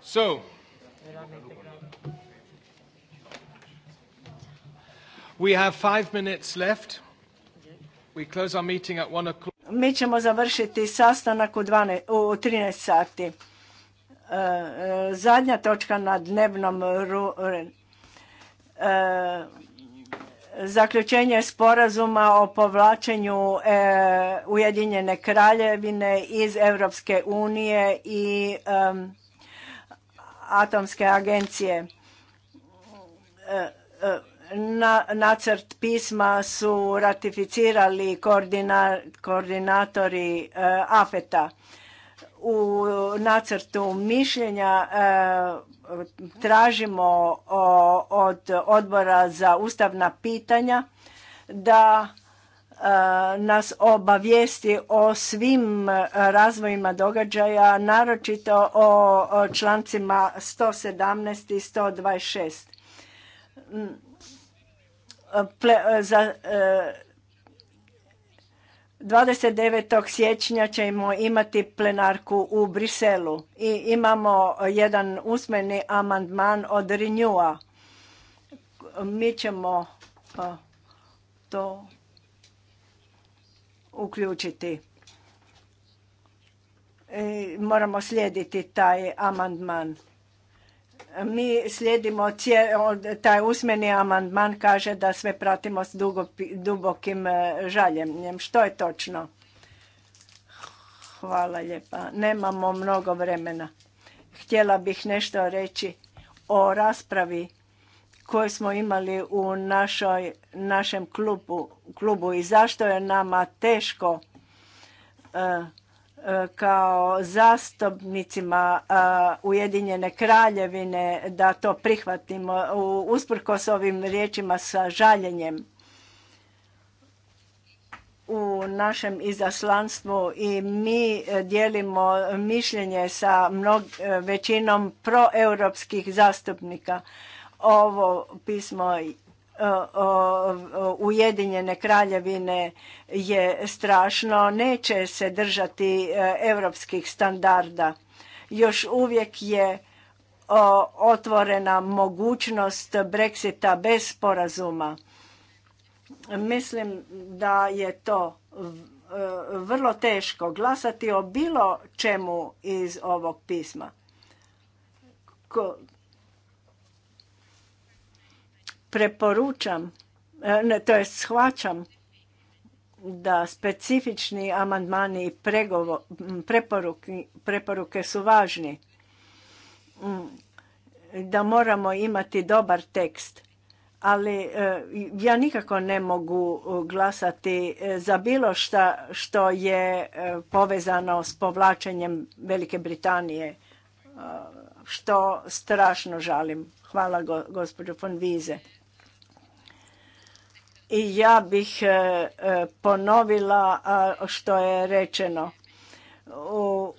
So, we have five minutes left. We close our meeting at one Mi ćemo završiti sastanak u, 13 sati. E, e, zadnja točka na dnevnom e, zaključenje sporazuma o povlačenju Ujedinjene kraljevine iz Europske unije i unije atomske agencije. E, e, na, nacrt pisma su ratificirali koordinatori e, AFET-a. U nacrtu mišljenja tražimo od Odbora za ustavna pitanja da Eh, nas obavijesti o svim eh, razvojima događaja, naročito o člancima 117 i 126. Mm, eh, za, 29. siječnja ćemo imati plenarku u Briselu i imamo jedan usmeni amandman od Renewa. Mi ćemo to uključiti. E, moramo slijediti taj amandman. Mi slijedimo taj usmeni amandman kaže da sve pratimo s dubokim e, žaljenjem. Što je točno? Hvala lijepa. Nemamo mnogo vremena. Htjela bih nešto reći o raspravi koje smo imali u našoj, našem klubu, klubu i zašto je nama teško e, e, kao zastupnicima e, Ujedinjene kraljevine da to prihvatimo usprkos ovim riječima sa žaljenjem u našem izaslanstvu i mi dijelimo mišljenje sa mnog, većinom proeuropskih zastupnika ovo pismo e, Ujedinjene kraljevine je strašno, neće se držati europskih standarda. Još uvijek je otvorena mogućnost Brexita bez sporazuma. Mislim da je to e, vrlo teško glasati o bilo čemu iz ovog pisma preporučam, e, to je shvaćam da specifični amandmani i preporuke su važni. Mm, da moramo imati dobar tekst. Ali e, ja nikako ne mogu e, glasati za bilo šta što je povezano s povlačenjem Velike Britanije, što strašno žalim. Hvala gospođo von Vize. I ja bih e, e, ponovila što je rečeno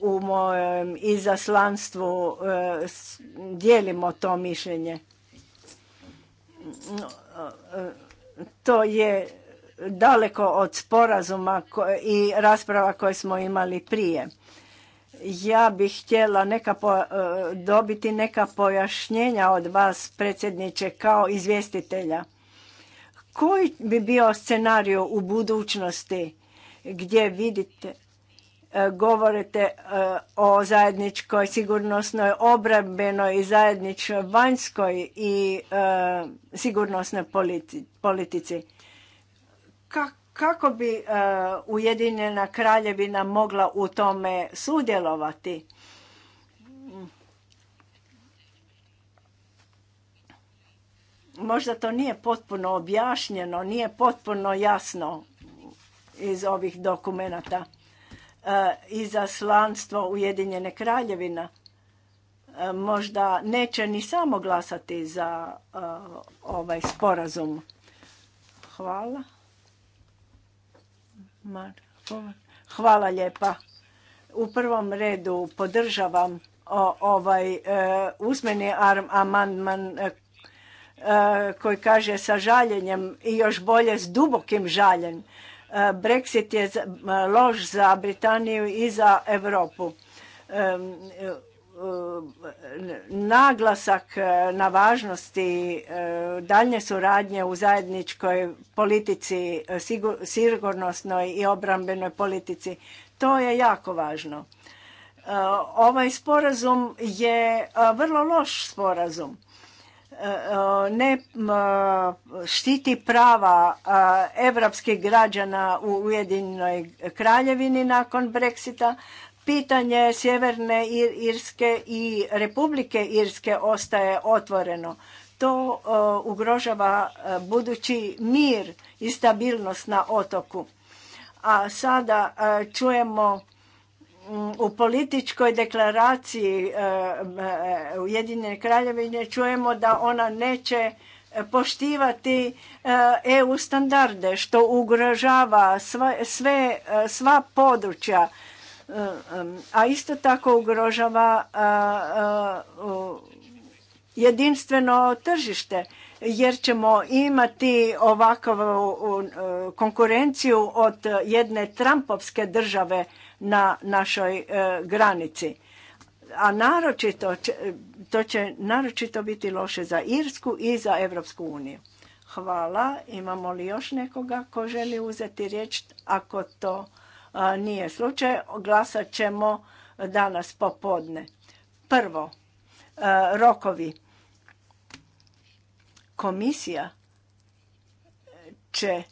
u, mojem izaslanstvu e, dijelimo to mišljenje. To je daleko od sporazuma i rasprava koje smo imali prije. Ja bih htjela neka dobiti neka pojašnjenja od vas, predsjedniče, kao izvjestitelja koji bi bio scenario u budućnosti gdje vidite, e, govorite e, o zajedničkoj sigurnosnoj obrambenoj i zajedničkoj vanjskoj i e, sigurnosnoj politici. Kako bi Ujedinjena kraljevina mogla u tome sudjelovati? Možda to nije potpuno objašnjeno, nije potpuno jasno iz ovih dokumenata. E, za slanstvo Ujedinjene kraljevina e, možda neće ni samo glasati za e, ovaj sporazum. Hvala. Hvala lijepa. U prvom redu podržavam ovaj usmeni amandman Eh, koji kaže sa žaljenjem i još bolje s dubokim žaljenjem. Eh, Brexit je eh, loš za Britaniju i za Europu. Naglasak na važnosti daljnje suradnje u zajedničkoj politici, sigurnosnoj i obrambenoj politici, to je jako važno. Ovaj sporazum je vrlo loš sporazum ne štiti prava evropskih građana u Ujedinjenoj kraljevini nakon Brexita. Pitanje Sjeverne Irske i Republike Irske ostaje otvoreno. To ugrožava e, budući mir i stabilnost na otoku. A sada e, čujemo u političkoj deklaraciji e, e, Ujedinjene kraljevine čujemo da ona neće poštivati EU e standarde što ugrožava sva područja a isto tako ugrožava jedinstveno tržište jer ćemo imati ovakvu konkurenciju od jedne Trumpovske države na našoj e, granici. A naročito, to će naročito biti loše za Irsku i za Evropsku uniju. Hvala. Imamo li još nekoga ko želi uzeti riječ? Ako to e, nije slučaj, glasat ćemo danas popodne. Prvo, e, rokovi. Komisija će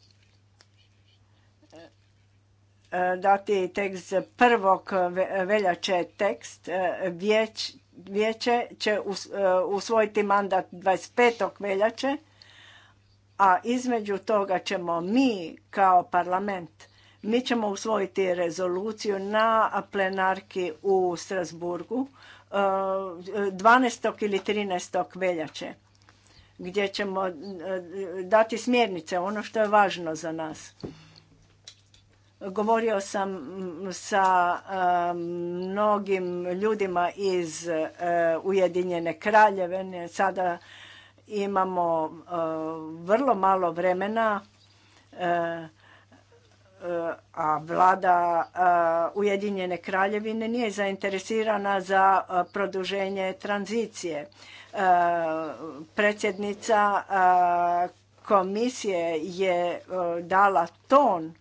E, dati tekst prvog veljače tekst. E, vijeće će e, usvojiti mandat 25. veljače, a između toga ćemo mi kao parlament mi ćemo usvojiti rezoluciju na plenarki u Strasburgu 12. ili 13. veljače gdje ćemo dati smjernice ono što je važno za nas. Govorio sam mm, sa eh, mnogim ljudima iz eh, Ujedinjene kraljevine. Sada imamo eh, vrlo malo vremena, a vlada Ujedinjene kraljevine nije zainteresirana za produženje tranzicije. Predsjednica komisije je dala ton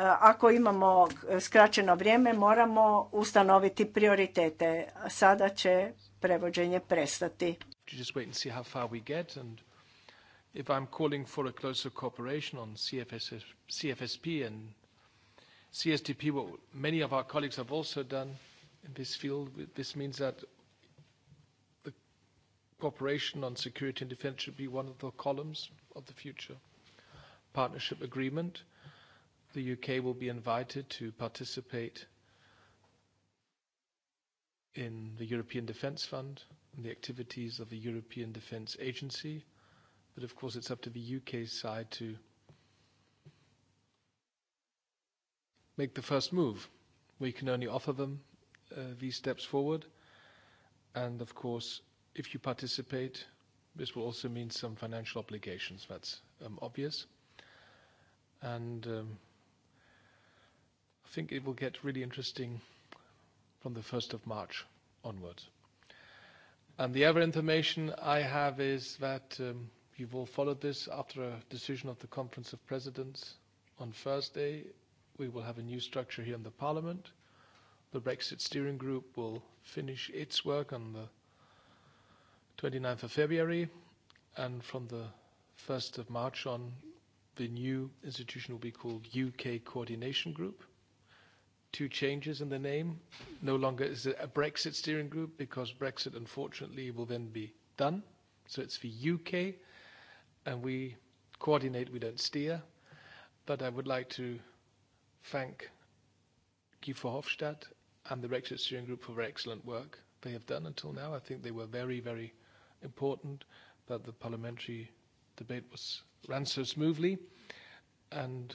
ako imamo skraćeno vrijeme, moramo ustanoviti prioritete. Sada će prevođenje prestati. If I'm calling for a closer cooperation on CFS, CFSP and CSTP, what many of our colleagues have also done in this field, this means that the cooperation on security and defense should be one of the columns of the future partnership agreement the UK will be invited to participate in the European Defence Fund and the activities of the European Defence Agency. But of course, it's up to the UK side to make the first move. We can only offer them uh, these steps forward. And of course, if you participate, this will also mean some financial obligations. That's um, obvious. And um, i think it will get really interesting from the 1st of March onwards. And the other information I have is that um, you've all followed this after a decision of the Conference of Presidents on Thursday. We will have a new structure here in the Parliament. The Brexit Steering Group will finish its work on the 29th of February, and from the 1st of March on, the new institution will be called UK Coordination Group two changes in the name. No longer is it a Brexit steering group because Brexit, unfortunately, will then be done. So it's for UK, and we coordinate, we don't steer. But I would like to thank Guy Verhofstadt and the Brexit steering group for their excellent work they have done until now. I think they were very, very important that the parliamentary debate was ran so smoothly. And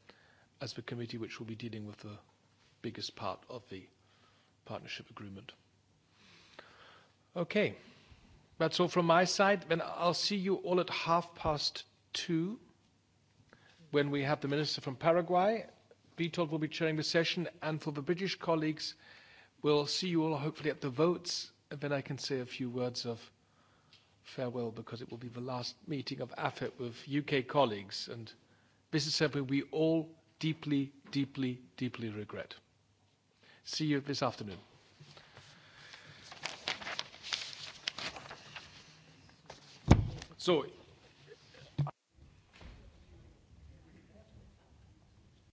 as the committee which will be dealing with the biggest part of the partnership agreement. Okay. That's all from my side. Then I'll see you all at half past two when we have the minister from Paraguay. Vitold will be chairing the session, and for the British colleagues, we'll see you all hopefully at the votes, and then I can say a few words of farewell because it will be the last meeting of AFET with UK colleagues, and this is something we all deeply, deeply, deeply regret. See you this afternoon. So